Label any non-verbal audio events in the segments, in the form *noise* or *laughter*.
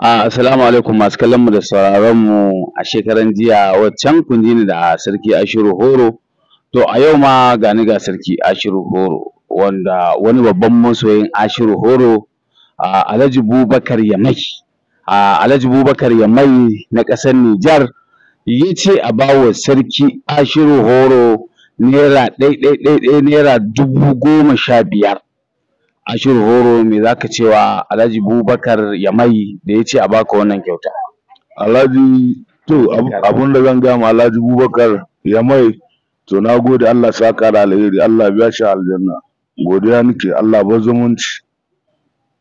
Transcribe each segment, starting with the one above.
Ah, assalamu alaikum masu kallon mu da sauraron mu a shekaran jiya waccan kun ji da sarki Ashiru Horo to a yau ma ga ni ga sarki Ashiru Horo wanda wani babban masoyin Ashiru Horo ah, Alhaji Bubakar Yamai ah, Alhaji Bubakar Yamai na ƙasar Nijar ya ce a bawa sarki Ashiru Horo naira ɗai ɗai ɗai naira dubu goma sha biyar Ashiru Horo me za ka cewa Alhaji Bubakar Yamai da ya ce a baka wannan kyauta? Alhaji to abun da zan ma Alhaji Bubakar Yamai to na gode Allah ka da alheri Allah biya shi aljanna godiya nake Allah ba zumunci.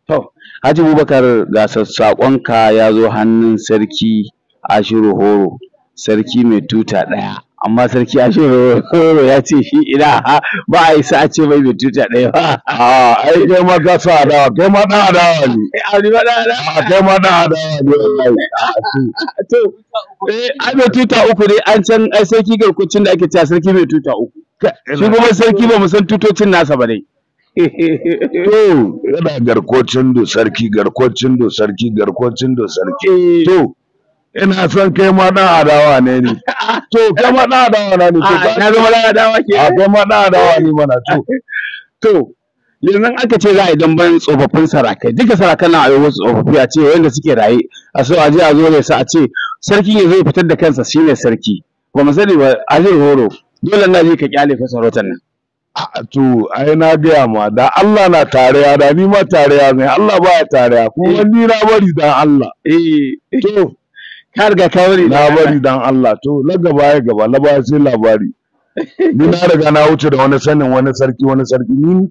To Haji Bubakar ga sassaƙonka ya zo hannun sarki Ashiru Horo sarki mai tuta ɗaya. amma sarki ashe horo ya ce shi ina ba a isa a ce mai mai tuta ɗaya ba. A *laughs* yi ah, kai ma ka sa adawa kai ma ɗan adawa ne. A ni ma ɗan adawa. Ah, kai ma ɗan adawa ne *laughs* To eh, ai mai tuta uku ne an can ai sarki garkucin da ake ta sarki mai tuta uku. Shi kuma sarki ba mu san tutocin nasa ba dai. To yana garkocin do sarki garkocin do sarki garkocin do sarki. Eh. To ina son kai ma dan adawa ne ne to kai ma dan adawa na ne to ah, na zama dan adawa ke a kai ma dan adawa ne mana to to yanzu aka ce za a yi bayan tsofaffin sarakai duka sarakan na ayyukan tsofaffi a ce wanda suke raye a so a je a zo ne sa a ce sarki ya zai fitar da kansa shine sarki ba mu sani ba a zai horo dole na je ka kyale fa sarautar nan to ai na gaya ma da Allah na tare da ni ma tare ne Allah ba ya tare kuma eh. ni na bari da Allah eh to ka riga ka bari na bari dan Allah to na gaba ya gaba na ba sai labari ni na riga na wuce da wani sanin wani sarki wani sarki ni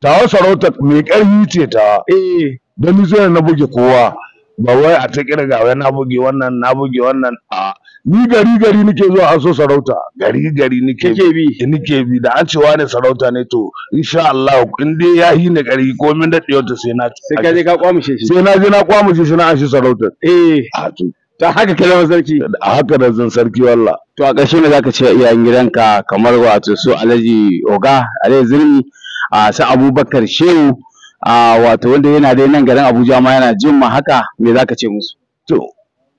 tawa sarauta mai karfi ce ta eh dan ni sai na buge kowa ba wai a ta kirga wai na buge wannan na buge wannan a ni gari gari nake zuwa aso sarauta gari gari nake bi nake bi da an cewa ne sarauta ne to insha Allah in dai ya yi ne gari ko min daɗewar to sai na sai ka je ka kwamushe shi sai na je na kwamushe shi na an shi sarautar eh a to ta haka ka zama sarki a haka da zan sarki walla to a ƙarshe ne zaka ce iyayen gidanka kamar wato su alhaji oga alhaji zirmi a su abubakar shehu a wato wanda yana dai nan garin abuja ma yana jin ma haka me zaka ce musu to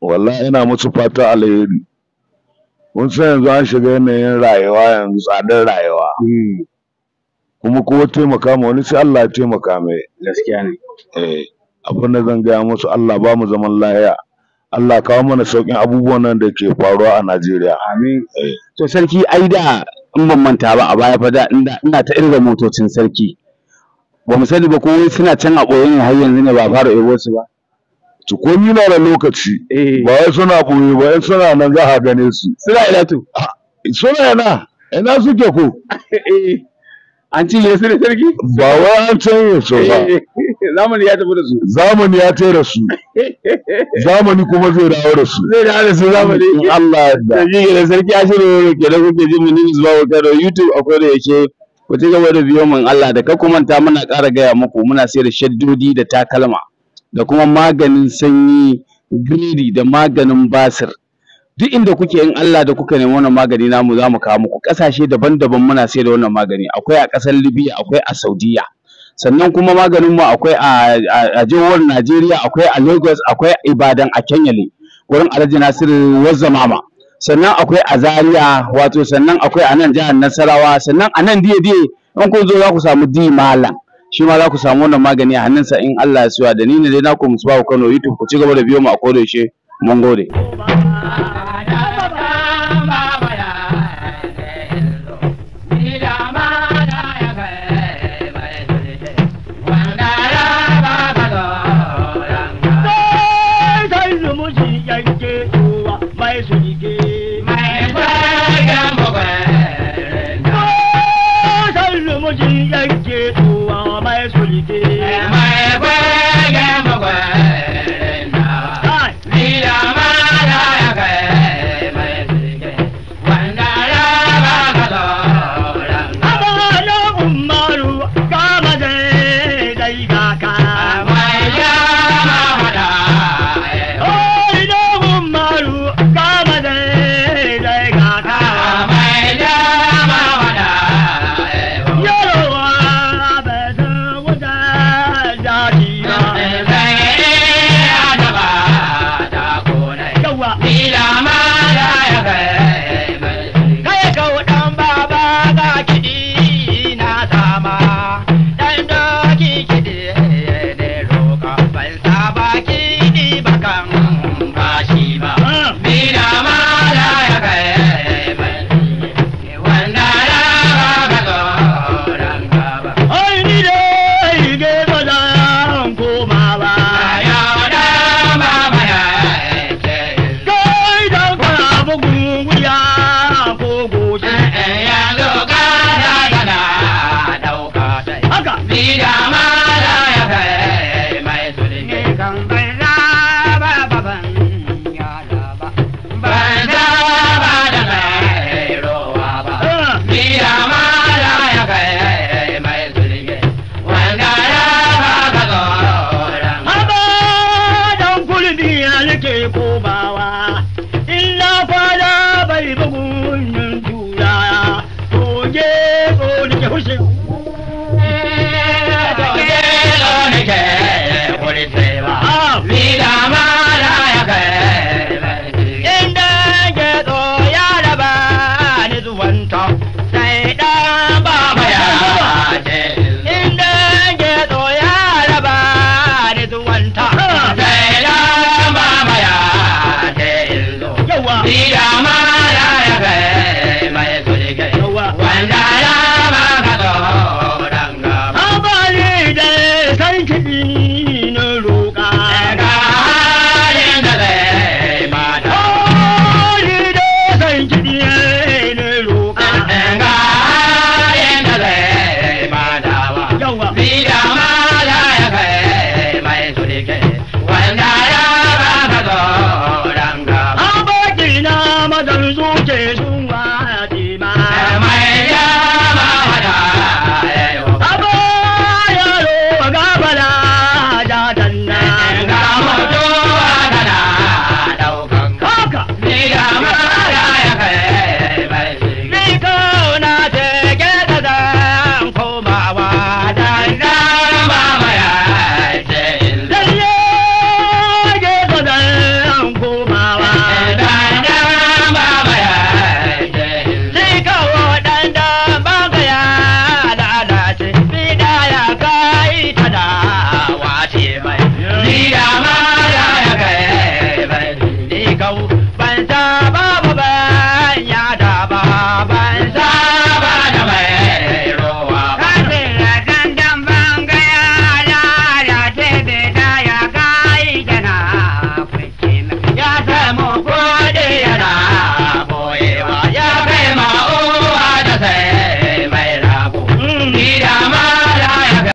wallahi yana musu fata alheri mun san yanzu an shiga yanayin rayuwa yanzu tsadar rayuwa hmm. kuma kowa taimaka ma wani sai Allah ya taimaka mai gaskiya ne eh abin da zan gaya musu Allah ba mu zaman lahiya Allah kawo mana sauƙin abubuwan nan da ke faruwa a Najeriya. Amin. Eh. To sarki ai da in ban manta ba a baya fa da ina ta irin motocin sarki. Ba mu sani ba ko suna can a ɓoye ne har yanzu ne ba fara ebo su ba. To ko ni na da lokaci. Eh. Ba wai suna ɓoye ba wai suna nan za a gane su. Suna ina to. Ah, suna ina. Ina suke ko. *laughs* Eh. an cinye su da sarki ba wa an cinye su ba *laughs* zamani ya tafi da su zamani ya tafi da su *laughs* zamani kuma zai dawo da su zai dawo da su zamani Allah ya da shi ne sarki a shirin ke da kuke jin mini zuwa wata da YouTube akwai da yake ku ci gaba da biyo mun Allah da ka kumanta muna ƙara gaya muku muna sai da shaddodi da takalma da kuma maganin sanyi gridi da maganin basir duk inda kuke in Allah da kuka nemi wannan magani namu za mu kawo muku ƙasashe daban-daban muna sai da wannan magani akwai a ƙasar Libya akwai a Saudiya sannan kuma maganin mu akwai a jihar Najeriya akwai a Lagos akwai a Ibadan a Kenya ne, wurin Alhaji Nasir Wazzamama sannan akwai a Zaria wato sannan akwai a nan jihar Nasarawa sannan a nan diye diye in kun zo za ku samu di malam shi ma za ku samu wannan magani a hannunsa in Allah ya suwa da ni ne dai naku Musbahu Kano YouTube ku ci gaba da biyo mu a kodayaushe mun gode. Hoje é